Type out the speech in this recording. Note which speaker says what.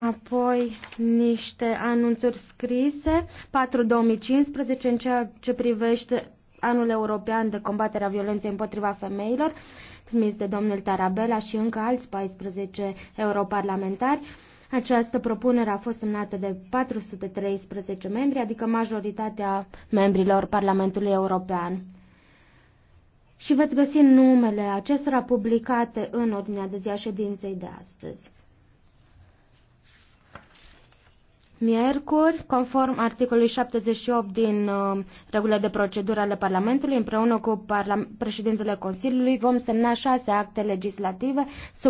Speaker 1: Apoi niște anunțuri scrise, 4 2015 în ceea ce privește anul european de combatere a violenței împotriva femeilor, trimis de domnul Tarabella și încă alți 14 europarlamentari. Această propunere a fost semnată de 413 membri, adică majoritatea membrilor Parlamentului European. Și veți găsi numele acestora publicate în ordinea de zi a ședinței de astăzi. Miercuri, conform articolului 78 din uh, regulile de procedură ale Parlamentului, împreună cu parla- președintele Consiliului, vom semna
Speaker 2: șase acte legislative sub